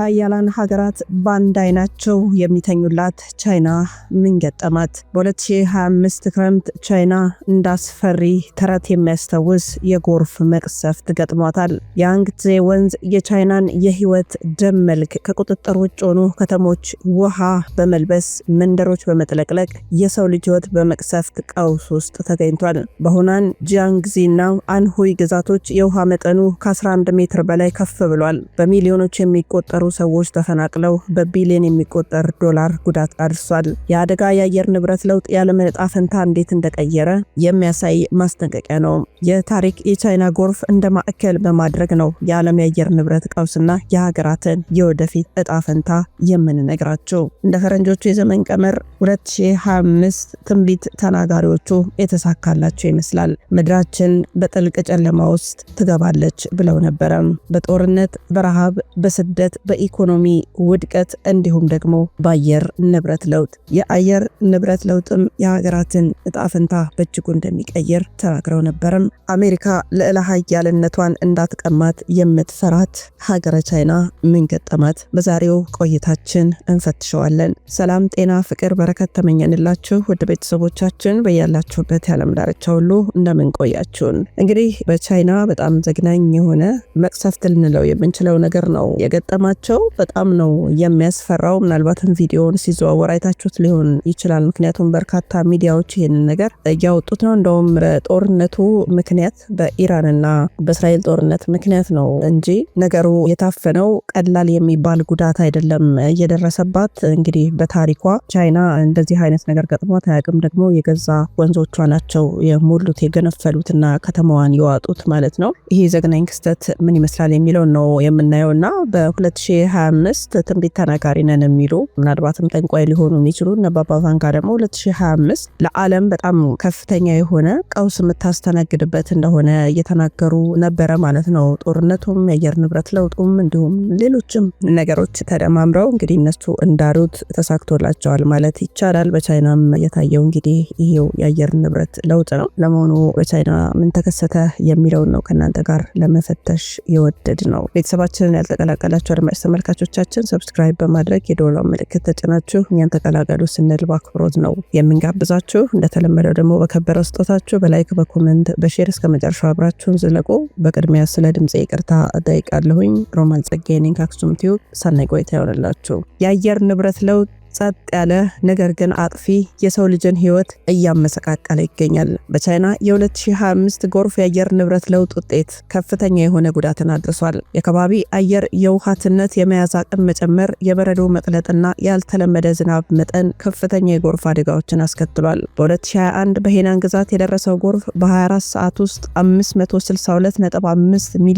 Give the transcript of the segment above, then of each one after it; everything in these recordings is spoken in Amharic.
ሀያላን ሀገራት በአንድ አይናቸው የሚተኙላት ቻይና ምን ገጠማት? በ2025 ክረምት ቻይና እንደ አስፈሪ ተረት የሚያስታውስ የጎርፍ መቅሰፍት ገጥሟታል። የያንግዜ ወንዝ የቻይናን የህይወት ደም መልክ ከቁጥጥር ውጭ ሆኑ ከተሞች ውሃ በመልበስ መንደሮች በመጥለቅለቅ የሰው ልጅ ህይወት በመቅሰፍት ቀውስ ውስጥ ተገኝቷል። በሁናን ጂያንግዚና አንሁይ ግዛቶች የውሃ መጠኑ ከ11 ሜትር በላይ ከፍ ብሏል። በሚሊዮኖች የሚቆጠሩ ሰዎች ተፈናቅለው በቢሊዮን የሚቆጠር ዶላር ጉዳት አድርሷል። የአደጋ የአየር ንብረት ለውጥ የዓለምን ዕጣ ፈንታ እንዴት እንደቀየረ የሚያሳይ ማስጠንቀቂያ ነው። የታሪክ የቻይና ጎርፍ እንደ ማዕከል በማድረግ ነው የዓለም የአየር ንብረት ቀውስና የሀገራትን የወደፊት ዕጣ ፈንታ የምንነግራቸው። እንደ ፈረንጆቹ የዘመን ቀመር 2025 ትንቢት ተናጋሪዎቹ የተሳካላቸው ይመስላል። ምድራችን በጥልቅ ጨለማ ውስጥ ትገባለች ብለው ነበረም። በጦርነት በረሃብ በስደት በ በኢኮኖሚ ውድቀት እንዲሁም ደግሞ በአየር ንብረት ለውጥ የአየር ንብረት ለውጥም የሀገራትን እጣ በእጅጉ እንደሚቀይር ተናግረው ነበርም። አሜሪካ ልዕለ ሀያልነቷን እንዳትቀማት የምትፈራት ሀገረ ቻይና ምን ገጠማት? በዛሬው ቆይታችን እንፈትሸዋለን። ሰላም፣ ጤና፣ ፍቅር፣ በረከት ተመኘንላችሁ ውድ ቤተሰቦቻችን በያላችሁበት የዓለም ዳርቻ ሁሉ እንደምን ቆያችሁን። እንግዲህ በቻይና በጣም ዘግናኝ የሆነ መቅሰፍት ልንለው የምንችለው ነገር ነው የገጠማቸው ናቸው። በጣም ነው የሚያስፈራው። ምናልባትም ቪዲዮውን ሲዘዋወር አይታችሁት ሊሆን ይችላል። ምክንያቱም በርካታ ሚዲያዎች ይህንን ነገር እያወጡት ነው። እንደውም በጦርነቱ ምክንያት በኢራንና በእስራኤል ጦርነት ምክንያት ነው እንጂ ነገሩ የታፈነው ቀላል የሚባል ጉዳት አይደለም እየደረሰባት። እንግዲህ በታሪኳ ቻይና እንደዚህ አይነት ነገር ገጥሟት አያውቅም። ደግሞ የገዛ ወንዞቿ ናቸው የሞሉት የገነፈሉትና ከተማዋን የዋጡት ማለት ነው። ይሄ ዘግናኝ ክስተት ምን ይመስላል የሚለው ነው የምናየው እና በ 2025 ትንቢት ተናጋሪ ነን የሚሉ ምናልባትም ጠንቋይ ሊሆኑ የሚችሉ እነ ባባ ቫንጋ ደግሞ 2025 ለዓለም በጣም ከፍተኛ የሆነ ቀውስ የምታስተናግድበት እንደሆነ እየተናገሩ ነበረ ማለት ነው። ጦርነቱም የአየር ንብረት ለውጡም እንዲሁም ሌሎችም ነገሮች ተደማምረው እንግዲህ እነሱ እንዳሉት ተሳክቶላቸዋል ማለት ይቻላል። በቻይናም የታየው እንግዲህ ይሄው የአየር ንብረት ለውጥ ነው። ለመሆኑ በቻይና ምን ተከሰተ የሚለውን ነው ከእናንተ ጋር ለመፈተሽ የወደድ ነው። ቤተሰባችንን ያልተቀላቀላቸው አድማጭ ተመልካቾቻችን ሰብስክራይብ በማድረግ የደወላው ምልክት ተጭናችሁ እኛን ተቀላቀሉ ስንል በአክብሮት ነው የምንጋብዛችሁ። እንደተለመደው ደግሞ በከበረ ስጦታችሁ በላይክ በኮመንት በሼር እስከ መጨረሻው አብራችሁን ዝለቁ። በቅድሚያ ስለ ድምፅ ይቅርታ እጠይቃለሁኝ። ሮማን ጸጋዬ ነኝ ከአክሱም ቲዩብ። ሰናይ ቆይታ ይሆንላችሁ። የአየር ንብረት ለውጥ ጸጥ ያለ ነገር ግን አጥፊ የሰው ልጅን ህይወት እያመሰቃቀለ ይገኛል። በቻይና የ2025 ጎርፍ የአየር ንብረት ለውጥ ውጤት ከፍተኛ የሆነ ጉዳትን አድርሷል። የከባቢ አየር የውሃትነት የመያዝ አቅም መጨመር፣ የበረዶ መቅለጥና ያልተለመደ ዝናብ መጠን ከፍተኛ የጎርፍ አደጋዎችን አስከትሏል። በ2021 በሄናን ግዛት የደረሰው ጎርፍ በ24 ሰዓት ውስጥ 562.5 ሚሜ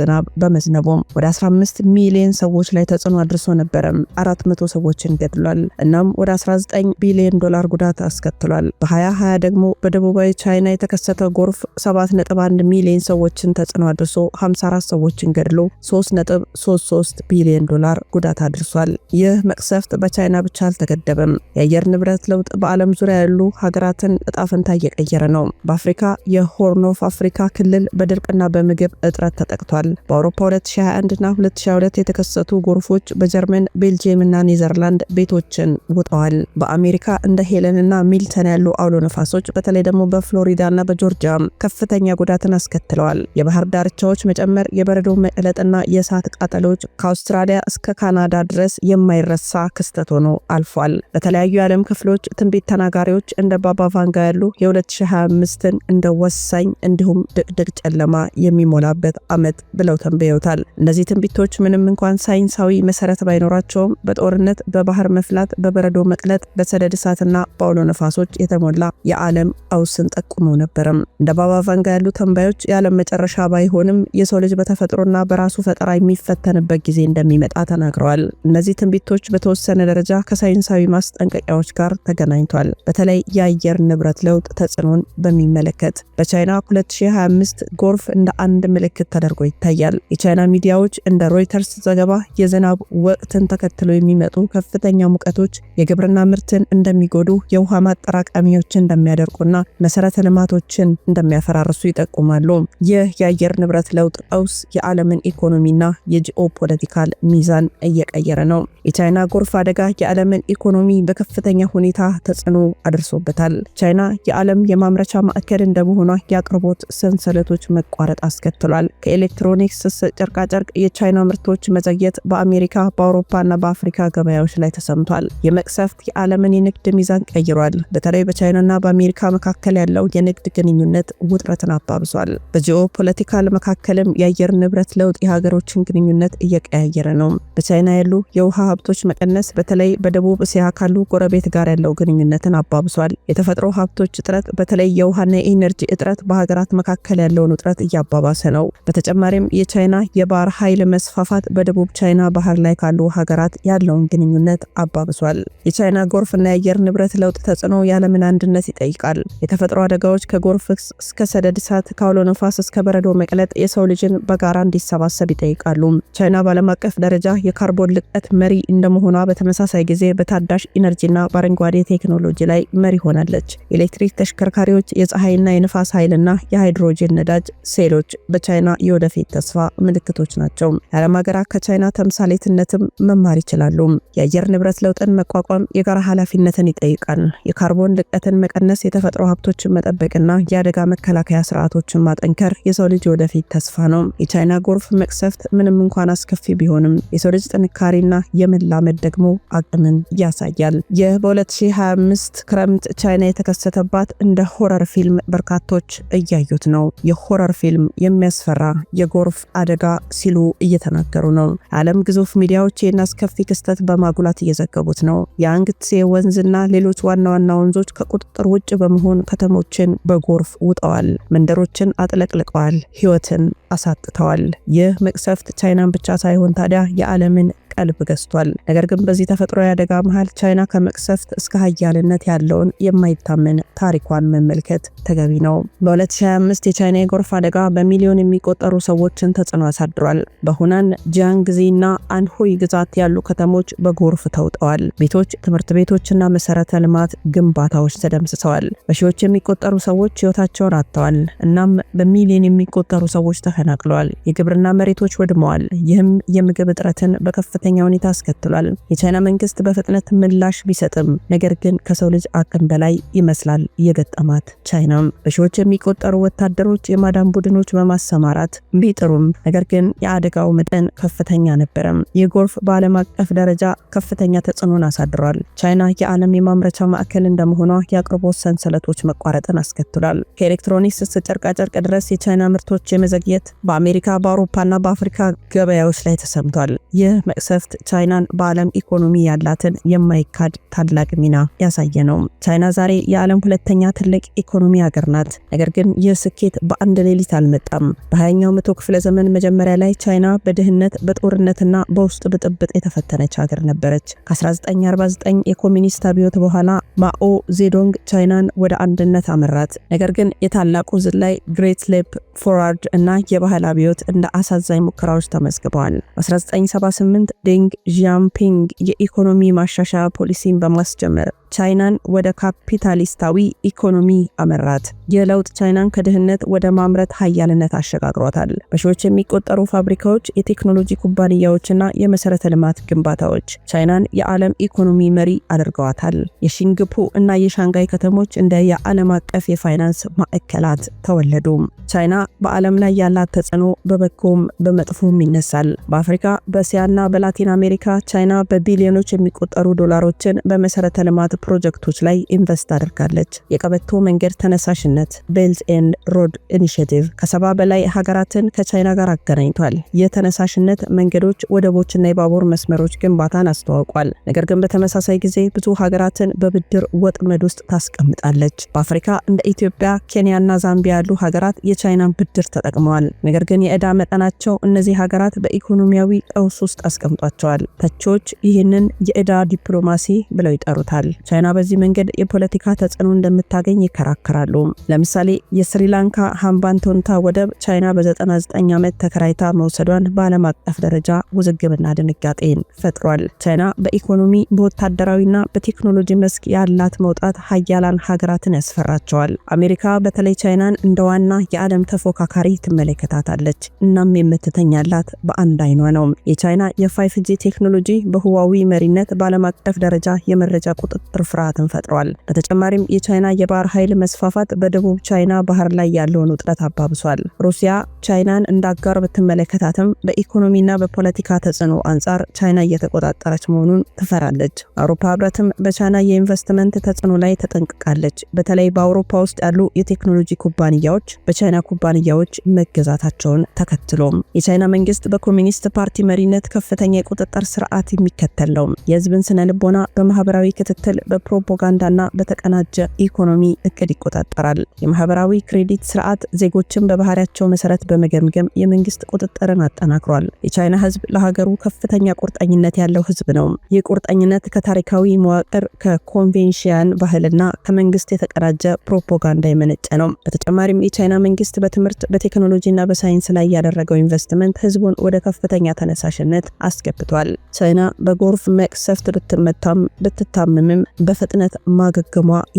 ዝናብ በመዝነቡም ወደ 15 ሚሊዮን ሰዎች ላይ ተጽዕኖ አድርሶ ነበረም፣ 400 ሰዎችን ገድሏል። እናም ወደ 19 ቢሊዮን ዶላር ጉዳት አስከትሏል። በ2020 ደግሞ በደቡባዊ ቻይና የተከሰተ ጎርፍ 7.1 ሚሊዮን ሰዎችን ተጽዕኖ አድርሶ 54 ሰዎችን ገድሎ 3.33 ቢሊዮን ዶላር ጉዳት አድርሷል። ይህ መቅሰፍት በቻይና ብቻ አልተገደበም። የአየር ንብረት ለውጥ በዓለም ዙሪያ ያሉ ሀገራትን እጣ ፈንታ እየቀየረ ነው። በአፍሪካ የሆርን ኦፍ አፍሪካ ክልል በድርቅና በምግብ እጥረት ተጠቅቷል። በአውሮፓ 2021 እና 2022 የተከሰቱ ጎርፎች በጀርመን ቤልጅየም እና ኔዘርላንድ ቤቶች ነፋሶችን ውጠዋል። በአሜሪካ እንደ ሄለንና ሚልተን ያሉ አውሎ ነፋሶች በተለይ ደግሞ በፍሎሪዳና በጆርጂያ ከፍተኛ ጉዳትን አስከትለዋል። የባህር ዳርቻዎች መጨመር፣ የበረዶ መቅለጥና የእሳት ቃጠሎች ከአውስትራሊያ እስከ ካናዳ ድረስ የማይረሳ ክስተት ሆኖ አልፏል። በተለያዩ የዓለም ክፍሎች ትንቢት ተናጋሪዎች እንደ ባባ ቫንጋ ያሉ የ2025ን እንደ ወሳኝ እንዲሁም ድቅድቅ ጨለማ የሚሞላበት ዓመት ብለው ተንብየውታል። እነዚህ ትንቢቶች ምንም እንኳን ሳይንሳዊ መሰረት ባይኖራቸውም በጦርነት በባህር መፍ ማስላት፣ በበረዶ መቅለጥ፣ በሰደድ እሳትና በአውሎ ነፋሶች የተሞላ የዓለም አውስን ጠቁመው ነበርም። እንደ ባባ ቫንጋ ያሉ ተንባዮች የዓለም መጨረሻ ባይሆንም የሰው ልጅ በተፈጥሮና በራሱ ፈጠራ የሚፈተንበት ጊዜ እንደሚመጣ ተናግረዋል። እነዚህ ትንቢቶች በተወሰነ ደረጃ ከሳይንሳዊ ማስጠንቀቂያዎች ጋር ተገናኝቷል። በተለይ የአየር ንብረት ለውጥ ተጽዕኖን በሚመለከት በቻይና 2025 ጎርፍ እንደ አንድ ምልክት ተደርጎ ይታያል። የቻይና ሚዲያዎች እንደ ሮይተርስ ዘገባ የዝናብ ወቅትን ተከትሎ የሚመጡ ከፍተኛ ሙቀቶች የግብርና ምርትን እንደሚጎዱ፣ የውሃ ማጠራቀሚዎችን እንደሚያደርቁና መሰረተ ልማቶችን እንደሚያፈራርሱ ይጠቁማሉ። ይህ የአየር ንብረት ለውጥ ቀውስ የዓለምን ኢኮኖሚና የጂኦ ፖለቲካል ሚዛን እየቀየረ ነው። የቻይና ጎርፍ አደጋ የዓለምን ኢኮኖሚ በከፍተኛ ሁኔታ ተጽዕኖ አድርሶበታል። ቻይና የዓለም የማምረቻ ማዕከል እንደመሆኗ የአቅርቦት ሰንሰለቶች መቋረጥ አስከትሏል። ከኤሌክትሮኒክስ ጨርቃጨርቅ የቻይና ምርቶች መዘግየት በአሜሪካ በአውሮፓና በአፍሪካ ገበያዎች ላይ ተሰምቷል። አሳይቷል። የመቅሰፍት የዓለምን የንግድ ሚዛን ቀይሯል። በተለይ በቻይናና በአሜሪካ መካከል ያለው የንግድ ግንኙነት ውጥረትን አባብሷል። በጂኦ ፖለቲካል መካከልም የአየር ንብረት ለውጥ የሀገሮችን ግንኙነት እየቀያየረ ነው። በቻይና ያሉ የውሃ ሀብቶች መቀነስ በተለይ በደቡብ እስያ ካሉ ጎረቤት ጋር ያለው ግንኙነትን አባብሷል። የተፈጥሮ ሀብቶች እጥረት በተለይ የውሃና የኢነርጂ እጥረት በሀገራት መካከል ያለውን ውጥረት እያባባሰ ነው። በተጨማሪም የቻይና የባህር ኃይል መስፋፋት በደቡብ ቻይና ባህር ላይ ካሉ ሀገራት ያለውን ግንኙነት አባ ተባብሷል። የቻይና ጎርፍና የአየር ንብረት ለውጥ ተጽዕኖ የዓለምን አንድነት ይጠይቃል። የተፈጥሮ አደጋዎች ከጎርፍ እስከ ሰደድ እሳት፣ ከአውሎ ነፋስ እስከ በረዶ መቅለጥ የሰው ልጅን በጋራ እንዲሰባሰብ ይጠይቃሉ። ቻይና በዓለም አቀፍ ደረጃ የካርቦን ልቀት መሪ እንደመሆኗ በተመሳሳይ ጊዜ በታዳሽ ኢነርጂና በአረንጓዴ ቴክኖሎጂ ላይ መሪ ሆናለች። ኤሌክትሪክ ተሽከርካሪዎች፣ የፀሐይና የንፋስ ኃይልና የሃይድሮጂን ነዳጅ ሴሎች በቻይና የወደፊት ተስፋ ምልክቶች ናቸው። የዓለም ሀገራት ከቻይና ተምሳሌትነትም መማር ይችላሉ። የአየር ንብረት ለ ለውጥን መቋቋም የጋራ ኃላፊነትን ይጠይቃል። የካርቦን ልቀትን መቀነስ፣ የተፈጥሮ ሀብቶችን መጠበቅና የአደጋ መከላከያ ስርዓቶችን ማጠንከር የሰው ልጅ ወደፊት ተስፋ ነው። የቻይና ጎርፍ መቅሰፍት ምንም እንኳን አስከፊ ቢሆንም የሰው ልጅ ጥንካሬና የመላመድ ደግሞ አቅምን ያሳያል። ይህ በ2025 ክረምት ቻይና የተከሰተባት እንደ ሆረር ፊልም በርካቶች እያዩት ነው። የሆረር ፊልም የሚያስፈራ የጎርፍ አደጋ ሲሉ እየተናገሩ ነው። ዓለም ግዙፍ ሚዲያዎች ይህን አስከፊ ክስተት በማጉላት እየዘገቡ ያቀረቡት ነው። የአንግትሴ ወንዝና ሌሎች ዋና ዋና ወንዞች ከቁጥጥር ውጭ በመሆን ከተሞችን በጎርፍ ውጠዋል፣ መንደሮችን አጥለቅልቀዋል፣ ህይወትን አሳጥተዋል። ይህ መቅሰፍት ቻይናን ብቻ ሳይሆን ታዲያ የዓለምን ቀልብ ገዝቷል። ነገር ግን በዚህ ተፈጥሯዊ አደጋ መሃል ቻይና ከመቅሰፍት እስከ ሀያልነት ያለውን የማይታመን ታሪኳን መመልከት ተገቢ ነው። በ2025 የቻይና የጎርፍ አደጋ በሚሊዮን የሚቆጠሩ ሰዎችን ተጽዕኖ አሳድሯል። በሁናን ጂያንግዚ እና አንሁይ ግዛት ያሉ ከተሞች በጎርፍ ተውጠዋል። ቤቶች፣ ትምህርት ቤቶችና መሰረተ ልማት ግንባታዎች ተደምስሰዋል። በሺዎች የሚቆጠሩ ሰዎች ህይወታቸውን አጥተዋል። እናም በሚሊዮን የሚቆጠሩ ሰዎች ተፈናቅለዋል። የግብርና መሬቶች ወድመዋል። ይህም የምግብ እጥረትን በከፍ በከፍተኛ ሁኔታ አስከትሏል። የቻይና መንግስት በፍጥነት ምላሽ ቢሰጥም ነገር ግን ከሰው ልጅ አቅም በላይ ይመስላል የገጠማት ቻይናም። በሺዎች የሚቆጠሩ ወታደሮች የማዳን ቡድኖች በማሰማራት ቢጥሩም ነገር ግን የአደጋው መጠን ከፍተኛ ነበረም። ይህ ጎርፍ በዓለም አቀፍ ደረጃ ከፍተኛ ተጽዕኖን አሳድሯል። ቻይና የዓለም የማምረቻ ማዕከል እንደመሆኗ የአቅርቦት ሰንሰለቶች መቋረጥን አስከትሏል። ከኤሌክትሮኒክስ እስከ ጨርቃጨርቅ ድረስ የቻይና ምርቶች የመዘግየት በአሜሪካ በአውሮፓና በአፍሪካ ገበያዎች ላይ ተሰምቷል። ይህ መቅሰ መቅሰፍት ቻይናን በዓለም ኢኮኖሚ ያላትን የማይካድ ታላቅ ሚና ያሳየ ነው። ቻይና ዛሬ የዓለም ሁለተኛ ትልቅ ኢኮኖሚ ሀገር ናት። ነገር ግን ይህ ስኬት በአንድ ሌሊት አልመጣም። በሀያኛው መቶ ክፍለ ዘመን መጀመሪያ ላይ ቻይና በድህነት በጦርነትና በውስጥ ብጥብጥ የተፈተነች ሀገር ነበረች። ከ1949 የኮሚኒስት አብዮት በኋላ ማኦ ዜዶንግ ቻይናን ወደ አንድነት አመራት። ነገር ግን የታላቁ ዝላይ ግሬት ሌፕ ፎርዋርድ እና የባህል አብዮት እንደ አሳዛኝ ሙከራዎች ተመዝግበዋል። በ1978 ዴንግ ዣምፒንግ የኢኮኖሚ ማሻሻያ ፖሊሲን በማስጀመር ቻይናን ወደ ካፒታሊስታዊ ኢኮኖሚ አመራት። የለውጥ ቻይናን ከድህነት ወደ ማምረት ሀያልነት አሸጋግሯታል። በሺዎች የሚቆጠሩ ፋብሪካዎች፣ የቴክኖሎጂ ኩባንያዎችና የመሰረተ ልማት ግንባታዎች ቻይናን የዓለም ኢኮኖሚ መሪ አድርገዋታል። የሺንግፑ እና የሻንጋይ ከተሞች እንደ የዓለም አቀፍ የፋይናንስ ማዕከላት ተወለዱ። ቻይና በዓለም ላይ ያላት ተጽዕኖ በበጎም በመጥፎም ይነሳል። በአፍሪካ በእስያና በላቲን አሜሪካ ቻይና በቢሊዮኖች የሚቆጠሩ ዶላሮችን በመሰረተ ልማት ፕሮጀክቶች ላይ ኢንቨስት አድርጋለች። የቀበቶ መንገድ ተነሳሽነት ቤልት ኤንድ ሮድ ኢኒሽቲቭ ከሰባ በላይ ሀገራትን ከቻይና ጋር አገናኝቷል። የተነሳሽነት መንገዶች፣ ወደቦችና የባቡር መስመሮች ግንባታን አስተዋውቋል። ነገር ግን በተመሳሳይ ጊዜ ብዙ ሀገራትን በብድር ወጥመድ ውስጥ ታስቀምጣለች። በአፍሪካ እንደ ኢትዮጵያ፣ ኬንያና ዛምቢያ ያሉ ሀገራት የቻይናን ብድር ተጠቅመዋል። ነገር ግን የዕዳ መጠናቸው እነዚህ ሀገራት በኢኮኖሚያዊ ቀውስ ውስጥ አስቀምጧቸዋል። ተቺዎች ይህንን የዕዳ ዲፕሎማሲ ብለው ይጠሩታል። ቻይና በዚህ መንገድ የፖለቲካ ተጽዕኖ እንደምታገኝ ይከራከራሉ። ለምሳሌ የስሪላንካ ሃምባንቶንታ ወደብ ቻይና በ99 ዓመት ተከራይታ መውሰዷን በዓለም አቀፍ ደረጃ ውዝግብና ድንጋጤን ፈጥሯል። ቻይና በኢኮኖሚ በወታደራዊና በቴክኖሎጂ መስክ ያላት መውጣት ሀያላን ሀገራትን ያስፈራቸዋል። አሜሪካ በተለይ ቻይናን እንደ ዋና የዓለም ተፎካካሪ ትመለከታታለች። እናም የምትተኛላት በአንድ አይኗ ነው። የቻይና የፋይፍ ጂ ቴክኖሎጂ በህዋዊ መሪነት በዓለም አቀፍ ደረጃ የመረጃ ቁጥጥር ጦር ፍርሃትን ፈጥሯል። በተጨማሪም የቻይና የባህር ኃይል መስፋፋት በደቡብ ቻይና ባህር ላይ ያለውን ውጥረት አባብሷል። ሩሲያ ቻይናን እንዳጋር ብትመለከታትም በኢኮኖሚና በፖለቲካ ተጽዕኖ አንጻር ቻይና እየተቆጣጠረች መሆኑን ትፈራለች። አውሮፓ ህብረትም በቻይና የኢንቨስትመንት ተጽዕኖ ላይ ተጠንቅቃለች። በተለይ በአውሮፓ ውስጥ ያሉ የቴክኖሎጂ ኩባንያዎች በቻይና ኩባንያዎች መገዛታቸውን ተከትሎም የቻይና መንግስት በኮሚኒስት ፓርቲ መሪነት ከፍተኛ የቁጥጥር ስርዓት የሚከተል ነው። የህዝብን ስነ ልቦና በማህበራዊ ክትትል፣ በፕሮፓጋንዳና በተቀናጀ ኢኮኖሚ እቅድ ይቆጣጠራል። የማህበራዊ ክሬዲት ስርዓት ዜጎችን በባህሪያቸው መሰረት በመገምገም የመንግስት ቁጥጥርን አጠናክሯል። የቻይና ህዝብ ለሀገሩ ከፍተኛ ቁርጠኝነት ያለው ህዝብ ነው። ይህ ቁርጠኝነት ከታሪካዊ መዋቅር፣ ከኮንቬንሽያን ባህልና ከመንግስት የተቀናጀ ፕሮፓጋንዳ የመነጨ ነው። በተጨማሪም የቻይና መንግስት በትምህርት በቴክኖሎጂና በሳይንስ ላይ ያደረገው ኢንቨስትመንት ህዝቡን ወደ ከፍተኛ ተነሳሽነት አስገብቷል። ቻይና በጎርፍ መቅሰፍት ብትመታም ብትታምምም በፍጥነት ማገገሟ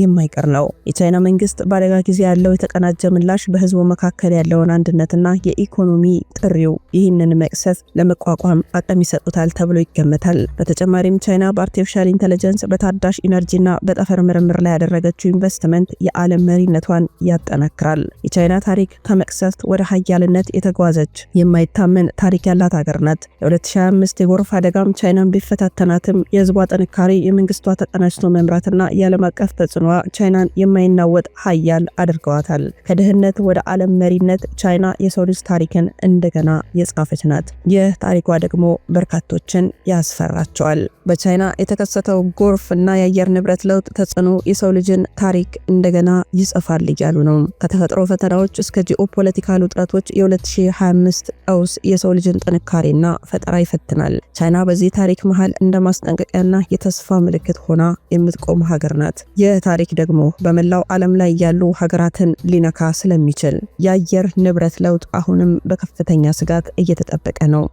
የማይቀር ነው። የቻይና መንግስት በአደጋ ጊዜ ያለው የተቀናጀ ምላሽ በህዝቡ መካከል ያለውን አንድነትና የጤናና የኢኮኖሚ ጥሪው ይህንን መቅሰስ ለመቋቋም አቅም ይሰጡታል ተብሎ ይገመታል። በተጨማሪም ቻይና በአርቲፊሻል ኢንተለጀንስ በታዳሽ ኢነርጂና በጠፈር ምርምር ላይ ያደረገችው ኢንቨስትመንት የዓለም መሪነቷን ያጠናክራል። የቻይና ታሪክ ከመቅሰፍት ወደ ሀያልነት የተጓዘች የማይታመን ታሪክ ያላት ሀገር ናት። የ2025 የጎርፍ አደጋም ቻይናን ቢፈታተናትም የህዝቧ ጥንካሬ፣ የመንግስቷ ተቀናጅቶ መምራትና የዓለም አቀፍ ተጽዕኖዋ ቻይናን የማይናወጥ ሀያል አድርገዋታል። ከድህነት ወደ ዓለም መሪነት ቻይና የሰው ልጅ ታሪክን እንደገና የጻፈች ናት። ይህ ታሪኳ ደግሞ በርካቶችን ያስፈራቸዋል። በቻይና የተከሰተው ጎርፍ እና የአየር ንብረት ለውጥ ተጽዕኖ የሰው ልጅን ታሪክ እንደገና ይጽፋል እያሉ ነው። ከተፈጥሮ ፈተናዎች እስከ ጂኦፖለቲካል ውጥረቶች የ2025 ቀውስ የሰው ልጅን ጥንካሬና ፈጠራ ይፈትናል። ቻይና በዚህ ታሪክ መሃል እንደ ማስጠንቀቂያና የተስፋ ምልክት ሆና የምትቆም ሀገር ናት። ይህ ታሪክ ደግሞ በመላው ዓለም ላይ ያሉ ሀገራትን ሊነካ ስለሚችል የአየር ንብረት ለውጥ ለውጥ አሁንም በከፍተኛ ስጋት እየተጠበቀ ነው።